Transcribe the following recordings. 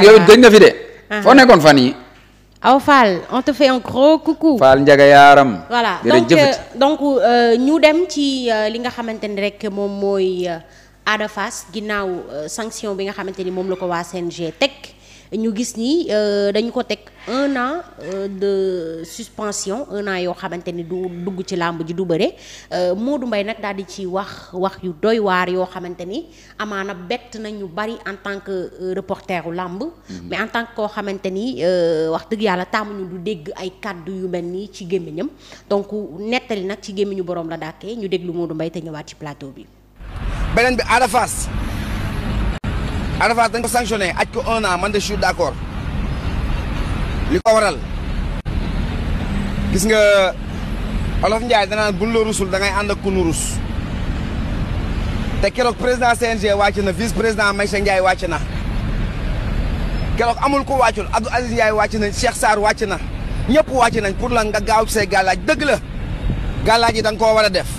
yow gëj nga fi ah. foo nekkoon fan yi aw Fall on fait un gros coucou. Fall Ndiaga Yaram. voilà donc euh, donc euh, ñu dem ci euh, li nga xamante ni rek moom mooy Ada Fass ginnaaw sanction bi nga xamante ni moom la ko waa CNG teg. ñu gis ni euh, dañu ko teg un an euh, de suspension un an yoo xamante ni du dugg ci làmb ji du bëre euh, Modou Mbaye nag daal di ci wax wax yu doy waar yoo xamante ni amaana bett na ñu bari en tant que reporteru làmb mhm. mais en tant que koo xamante ni wax dëgg yàlla taamuñu du dégg ay kàddu yu mel nii ci gémmiñam donc nettali nag ci gémmiñu boroom la dàkkee ñu déglu Modou Mbaye te ñëwaat ci plateau bi beneen bi Ada Ada Fass dañ ko sanctionné aj ko un an man de je suis li ko waral gis nga Olof Ndiaye danaan buñ la rusul da ngay ànd ak ku nu rus te keroog président CNG wàcc na vice président Maïssa Ndiaye wàcc na keroog amul ko wàccul Abdou Aziz Ndiaye wàcc na Cheikh saar wàcc na ñëpp wàcc nañ pour la nga gaaw say gàllaaj dëgg la gàllaaj yi da nga war a def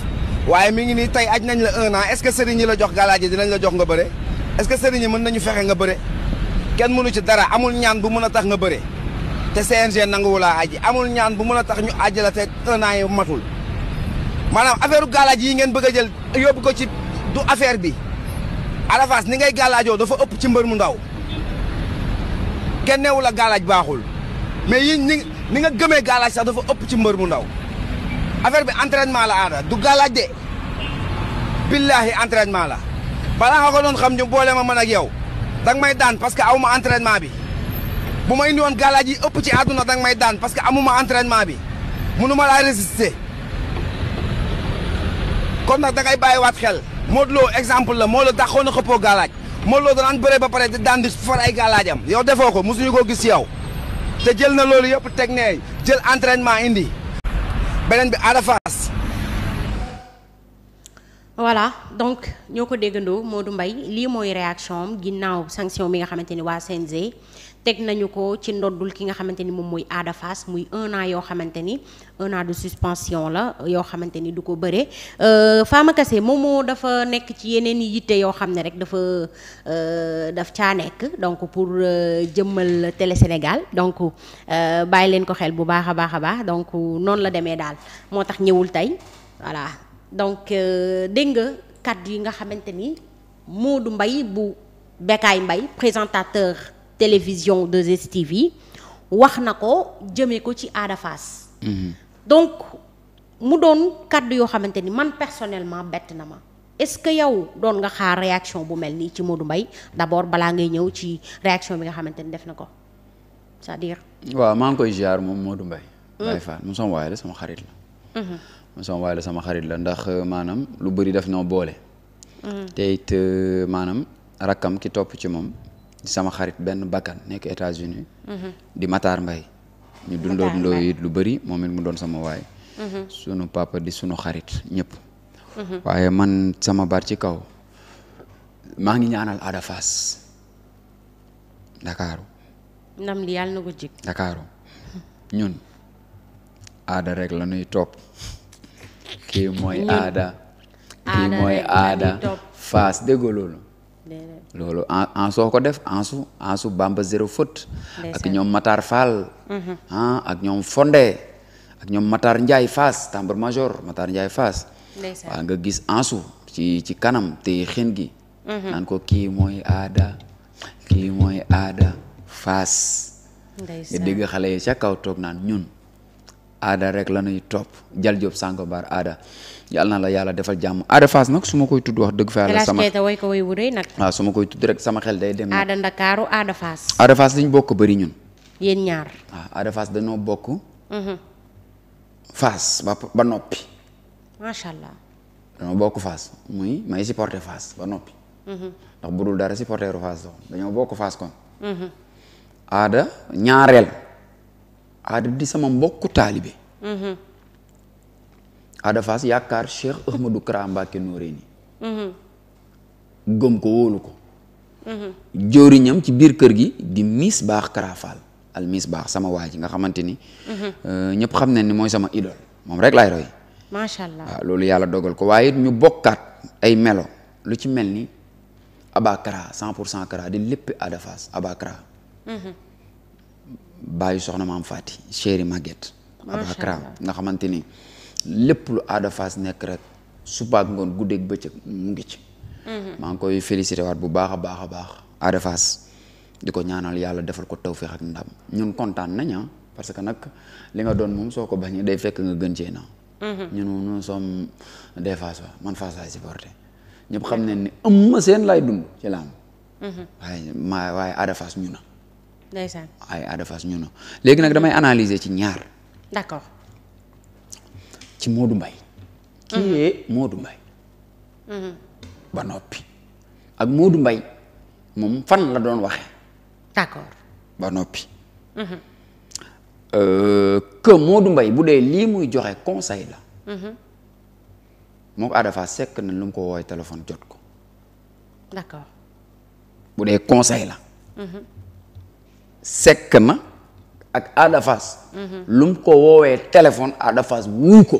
waaye mi ngi nii tey aj nañ la un an est-ce la jox gàllaaj yi dinañ la jox nga bare est-ce que sëriñ mën nañu fexe nga bëre kenn mënu ci dara amul ñaan bu mën a tax nga bëre te CNG nanguwu laa aji amul ñaan bu mën a tax ñu aji la te un an yi matul maanaam affaire galaaj yi ngeen bëgg a jël yóbbu ko ci du affaire bi Ada ni ngay galaajoo dafa ëpp ci mbër mu ndaw kenn genneewu la galaaj baaxul mais yi ni ni nga gëmee galaaj sax dafa ëpp ci mbër mu ndaw affaire bi entraînement la aada du galaaj de billaahi entraînement la balaa nga ko doon xam ñu boole ma man ak yow danga may daan parce que amu ma entraînement bi bu ma indi woon galaaj yi ëpp ci àdduna danga may daan parce que amuma entraînement bi mënu ma laa résister kon nag dangay bàyyiwaat xel moo Lo exemple la moo la dàqoon a xëppoo galaaj Modou Lo danaan bëre ba pare di daan di far ay galaajam yow defoo ko mosuñu ko gis yow te jël na loolu yëpp teg nee jël entraînement indi beneen bi Ada voilà donc ñoo ko déggandoo moo du mbay lii mooy réaction ginnaaw sanction bi nga xamante ni waa CNG teg nañu ko ci ndoddul ki nga xamante ni moom mooy Ada Fass muy un an yoo xamante ni un an de suspension la yoo xamante ni du ko bëre euh, Fama Kassé moom moo dafa nekk ci yeneen i yitte yoo xam ne rek dafa euh, daf caa nekk donc pour euh, jëmmal Télé Sénégal donc bàyyi leen ko xel bu baax a baax a baax donc noonu la demee daal moo tax ñëwul tey voilà donc euh, dégg nga kàddu yi nga xamante ni Modou Mbaye bu Bécaye mbay présentateur télévision 2STV yi wax na ko jëmee ko ci Ada Fass mhm. donc mu doon kàddu yoo xamante ni man personnellement bett na ma est-ce que yow doon nga xaar réaction bu mel nii ci Modou Mbaye d'abord balaa ngay ñëw ci réaction bi nga xamante ni def na ko c'est-à-dire waaw maa ngi koy ziar moom Modou Mbaye mm. Baye Fall moom sama waay la sama xarit la mhm. sama waay la sama xarit la ndax euh, maanaam lu bari daf noo boole. Mm. te it euh, maanaam rakkam ki topp ci moom sama xarit benn bakkan nekk États-Unis mm-hmm. di Matar Mbaye ñu dundoo dundoo it lu bari moom it mu doon sama waay. Mm-hmm. sunu papa di sunu xarit ñëpp. Mm-hmm. waaye man sama bar ci kaw maa ngi ñaanal Ada Fass Dakar. ndam li yàlla na ko jig. Dakar ñun aada rek la ñuy topp. kii mooy aada kii mooy aada faas déggoo loolu loolu en soo ko def ansu ansu bamba zéro faute ak ñoom Matar Fall mm-hmm. ak ñoom Fondé ak ñoom Matar Ndiaye Fass tambour major Matar Ndiaye Fass waaw nga gis ansu ci ci kanam te xin gi mm-hmm. ko kii aada kii aada Fass nga dégg xale yi ca kaw toog naan ñun aada rek la ñuy topp Jal Diop Sangobar aada na la yàlla defal jàmm aada Fass nag su ma koy tudd wax dëgg fa yàlla sama way ko ma koy tudd rek sama xel day dem aada Ndakaaru aada Fass aada Fass liñ bokk bëri ñun yéen ñaar waaw aada Fass dañoo bokk mhm. fas ba ba noppi macha allah bokk Fass muy may supporter fas ba noppi mhm. ndax bu dul dara supporteru Fass dañoo bokk Fass kon mhm. aada ñaareel aada di sama mbokku taalibe mhm. aada faas yaakaar Cheikh Ahmadou Kara Mbacké Noreyni mhm. gëm ko wóolu ko mhm. jóoriñam ci biir kër gi di miis baax Kara Fall al miis baax sama waa ji nga xamante ni euh, ñëpp xam nañ ni mooy sama idole moom rek laay roy loolu yàlla dogal ko waaye ñu bokkaat ay melo lu ci mel ni Abakara 100 pour cent Kara di lépp Ada Fass Abakara bàyyi soxna maam Fati chéri Maguette. abakra nga xamante ni lépp lu adafas nekk rek suba ak ngoon guddeeg bëccëg mu ngi ci. Mhm. maa ngi koy félicité waat bu baax a baax a baax aada di ko ñaanal yàlla defal ko tawféex ak ndam ñun kontaan naña ah, parce que nag li nga doon moom soo ko bañee day fekk nga gën cee naa. Mhm. ñun nous sommes des Fass wa man Fass laay supporté ñëpp xam nañ ne Eumeu Sène laay dund ci laam. Mhm. waaye maa waaye aada Fass ndeysaan ay Ada Fass ñu léegi nag damay analyser ci ñaar. d'accord. ci Modou mbay kii yee mhm. Modou Mbaye mhm. ba noppi ak Modou mbay moom fan la doon waxee. d'accord ba noppi. Mhm. Euh, que moodu mbay bu dee lii muy joxe conseil la. moom Ada Fass sekk na lu mu ko woowee téléphone jot ko. d'accord bu dee conseil la. sekk ma ak Ada Fass lu mu ko woowee téléphone Ada Fass ko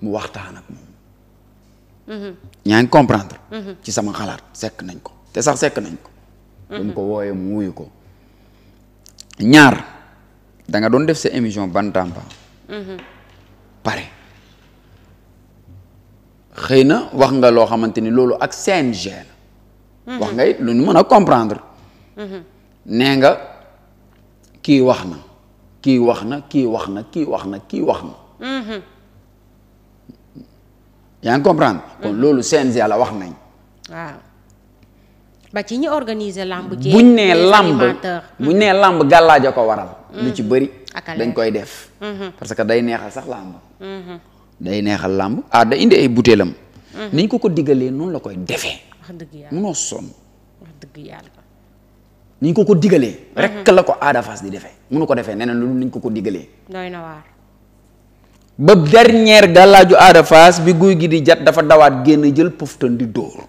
mu waxtaan ak moom ñaa comprendre ci sama xalaat sekk nañ ko te sax sekk nañ ko lu mu ko woowee mu wuyu ko ñaar danga doon def sa émission Bantamba pare xëy na wax nga loo xamante ni loolu ak CNG la wax nga it lu ñu mën a comprendre nee nga kii wax na kii wax na kii wax na kii wax na kii wax na mm-hmm. yaa ngi comprendre kon mm-hmm. loolu CNG la wax nañ waaw ba ci ñu organiser lamb ji buñ nee lamb buñ nee lamb gàllaaja ko waral mm-hmm. lu ci bëri dañ koy def parce que day neexal sax lamb day neexal lamb ah da indi ay butéelam niñ ko ko diggalee noonu la koy defee munoo sonn niñ ko ko digalee. Mhm. rek la ko Ada Fass di defee munu ko defee neneen lu ni ñu ko ko digalee. doy na waar. ba dernière gàllaaju Ada Fass bi guy gi di jat dafa dawaat génn jël poftan di dóor.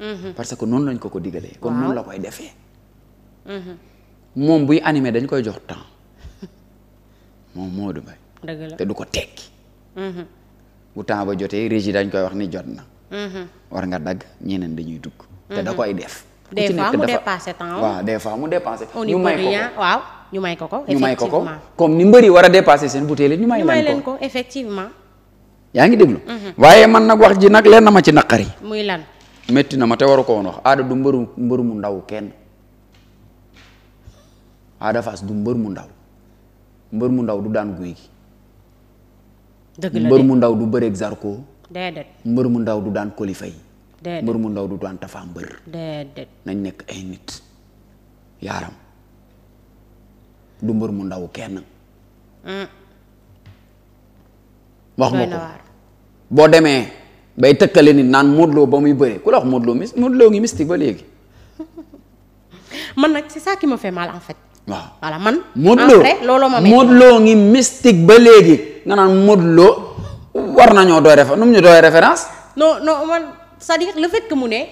Mhm. parce que noonu lañ ko ko digalee. kon noonu la koy defee. Mhm. moom buy animé dañ koy jox temps moom moo du bay. te du ko tekki. bu temps ba jotee régi dañ koy wax ni jot na. war nga dagg ñeneen dañuy dugg. te da koy def. des fois mu dépassé temps waaw des fois mu dépassé. ñu may ko ko ñu may ko ko. ñu may ko ko comme ni yi war a dépassé seen bouteille ñu may leen ko effectivement. yaa ngi déglu. Mhm. waaye man nag wax ji nag leen na ma ci naqari. muy lan. métti na ma te waru ko woon wax aada du mbëru mbëru mu ndaw kenn aada fas du mbër mu ndaw mbër mu ndaw du daan guy gi. dëgg mbër mu ndaw du bëreeg zarko. déedéet mbër mu ndaw du daan kolifay mbër mu ndaw du daan tafaa mbër nañ nekk ay nit yaaram du mbër mu ndaw kenn hmm. wax nga boo demee bay tëkkale nit naan Modou ba muy bëree ku la wax Modou ngi mystique ba léegi nag c'est ça qui me fait Lo Modou Lo ba léegi nga naan Modou war nañoo doy référence nu mu ñu doy référence c'est-à-dire le fait mu ne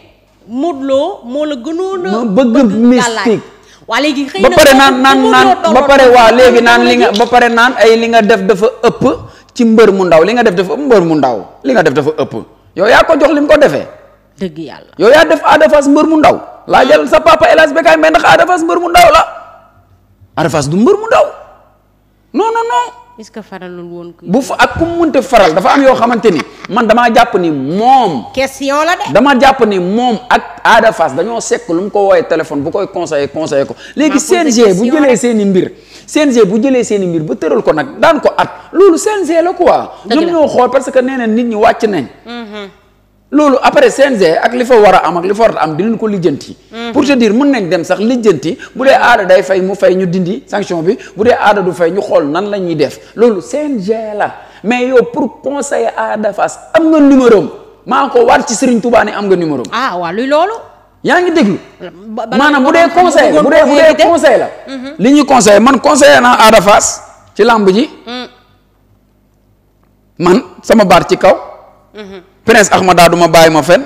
Modou Lo moo la gënoon a. bëgg mystique waa léegi ba pare naan naan naan ba pare waa léegi naan li nga ba pare naan ay li nga def dafa ëpp ci mbër mu ndaw li nga def dafa ëpp mbër mu ndaw li nga def dafa ëpp yow yaa ko jox li mu ko defee. yàlla yow yaa def Ada mbër mu ndaw. laa jël sa papa El Hadj Bécaye ndax Ada Fass mbër mu ndaw la Ada Fass du mbër mu ndaw non non est-ce que faralul woon bu fa ak ku mu faral dafa am yoo xamante ni man damaa jàpp ni moom. question la de. dama jàpp ni moom ak Ada fas dañoo sekk lu mu ko woowee téléphone bu koy conseillé conseillé ko. léegi CNG bu jëlee seen i mbir. CNG bu jëlee seen i mbir ba tëral ko nag daan ko at loolu CNG la quoi. ñoom ñoo xool parce que nee nit ñi wàcc nañ. Mm-hmm. loolu après CNG ak li fa war a am ak li fa war a am dinañ ko lijjanti. Mm. pour te dire mën nañ dem sax lijjanti bu dee aada day fay mu fay ñu dindi sanction bi bu dee aada du fay ñu xool nan la ñuy def loolu CNG la mais yow pour conseiller aada Fass am nga numéro am maa ko war ci Serigne Touba ne am nga numéro am. ah yaa ngi déglu. maanaam bu dee conseil bu dee bu dee conseil la. Mm-hmm. li ñuy conseillé man conseillé naa aada Fass ci làmb ji. Mm. man sama baat ci kaw. Mm-hmm. prince ma du ma bàyyi ma fen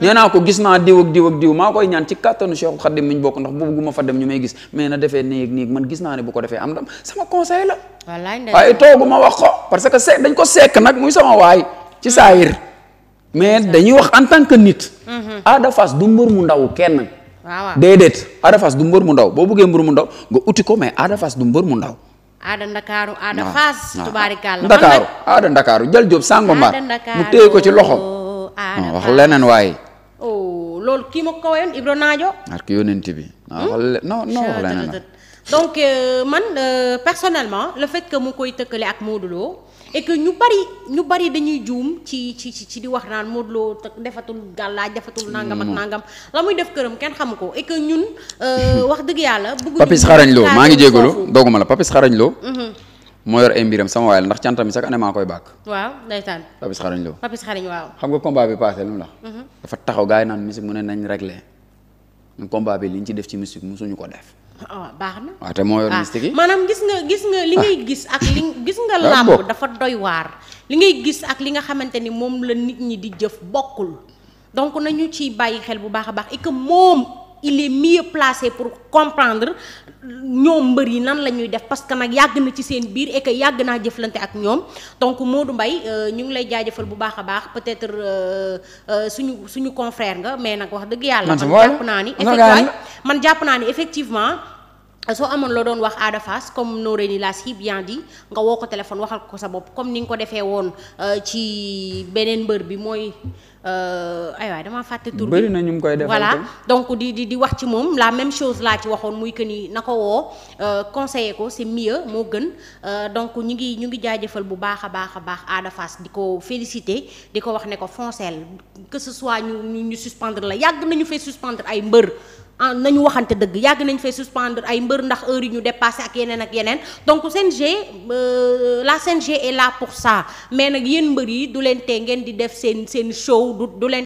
nee naa ko gis naa diw ak diw ak diw maa koy ñaan ci kàttanu Cheikh Khadim mi ñu bokk ndax boobu gu ma fa dem ñu may gis mais na defee nii ak nii man gis naa ne bu ko defee am ndam sama conseil la. waaye toogu ma wax ko parce que se dañ ko sekk nag muy sama waay ci saayir mais dañuy wax en tant que nit. Mhm. Ada Fass du mbër mu ndaw kenn. waaw déedéet Ada Fass du mbër mu ndaw boo buggee mbër mu ndaw nga uti ko mais Ada Fass du mbër mu ndaw. aada ndakaaru aada faas tubaarikàlla ndakaaru aada ndakaaru jël jóob sàngomar mu téye ko ci loxo wax leneen waaye oh, loolu kii ma ko wayoon Ibro Naajo ak yonent bi hmm? wax non non wax leneen donc euh, man euh, personnellement le fait mu koy tëkkale ak Modou et que ñu bari ñu bari dañuy juum ci ci ci di wax naan Modou Lo defatul gàllaaj defatul nangam ak nangam la muy def këram kenn xam ko et que ñun euh, wax dëgg yàlla bëgguñu Papis Xarañ Lo maa ngi jégalu dooguma la Papis Xarañ loo mhm. moo yor ay mbiram sama waay la ndax cantam mi sax année maa koy bàkk waaw ndeysaan Papis Xarañ Lo Papis Xarañ waaw xam nga combat bi passé la mhm. dafa taxaw gaa yi naan musique mu ne nañ réglé ñu combat li ñu ci def ci musique suñu ko def Oh, baax na. waaw ah, te moo yor ah, mystique maanaam gis nga gis nga li ah. ngay gis ak li gis nga làmb dafa doy waar li ngay gis ak li nga xamante ni moom la nit ñi di jëf bokkul donc nañu ciy bàyyi xel bu baax a baax et moom il est mieux placé pour comprendre ñoom mbër yi nan la ñuy def parce que nag yàgg na ci seen biir et yàgg naa jëflante ak ñoom donc Modou Mbaye euh, ñu ngi lay jaajëfal bu baax a baax peut-être euh, euh, suñu suñu confrère nga mais nag wax dëgg yàlla. man jàpp naa ni effectivement man jàpp naa ni effectivement. soo amoon loo doon wax Ada Fass comme Noreyni l'a si bien nga woo ko téléphone waxal ko sa bopp comme ni nga ko defee woon ci beneen mbër bi mooy. Euh, ay waay damaa fàtte tur bi bëri na ñu ngi koy defal donc di di di wax ci moom la même chose laa ci waxoon muy que ni na ko woo euh, conseiller ko si mieux moo gën euh, donc ñu ngi ñu ngi jaajëfal bu baax a baax a baax Ada Fass di ko féliciter di ko wax ne ko foncel que ce soit ñu ñu suspendre la yàgg nañu fee suspendre ay mbër Ah, nañu waxante dëgg yàgg nañ fee suspendre ay mbër ndax heure yi ñu dépassé ak yeneen ak yeneen donc seen CNG euh, la CNG et là pour ça mais nag yéen mbër yi du leen tee ngeen di def seen seen show du du leen